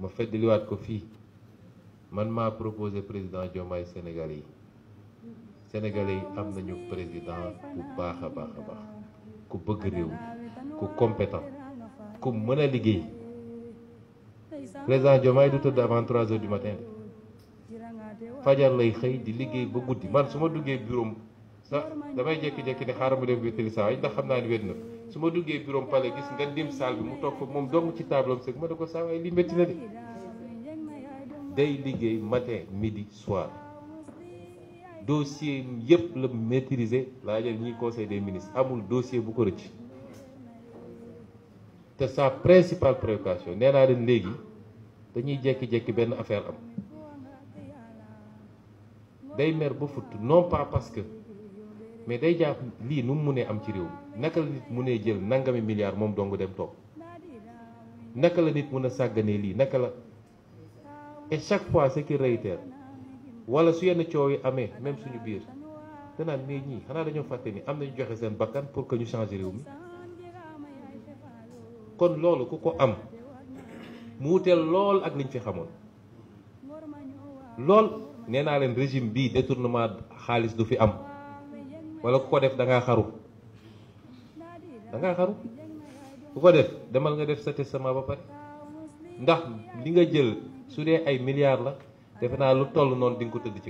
ma feddliwaat ko fii man maa proposé président Diomaye Sénégal yi Sénégalais yi am nañu président bu baax a baax a baax ku bëgg réew ku compétent ku mën a liggéey président Diomaye du tëdd avant trois heures du matin fajar lay xëy di liggéey ba guddi man su ma duggee bureau sax damay jékki-jékki ne xaaral mu dem wétali saa ndax xam naa ni wét na su ma duggee bureau palais gis nga dim saal bi mu toog fa moom dong ci table am sëg ma da ko saa waaye li métti na de day liggéey matin midi soir dossier yëpp la maîtriser laa jël ñi conseil des ministre amul dossier bu ko rëcc te sa principale préoccupation nee naa leen léegi dañuy jekki-jekki benn affaire am day mer ba futt non pas parce que mais day jàpp lii nu mu mënee am ci réew mi naka la nit mënee jël nangami milliards moom dong dem toog naka la nit mën a sàgganee lii naka la et chaque fois ce qui wala su yenn coow yi amee même suñu biir danaan mais ñii xanaa dañoo fàtte ni am nañu joxe seen bakkan pour que ñu changer réew mi kon loolu ku ko am mu wuteel lool ak liñ fi xamoon lool nee naa leen régime bi détournement xaalis du fi am wala ku ko def da ngaa xaru da ngaa xaru ku ko def demal nga def sa testament ba pare ndax li nga jël ay milliards la defe naa lu toll noonu di nga ko ci bi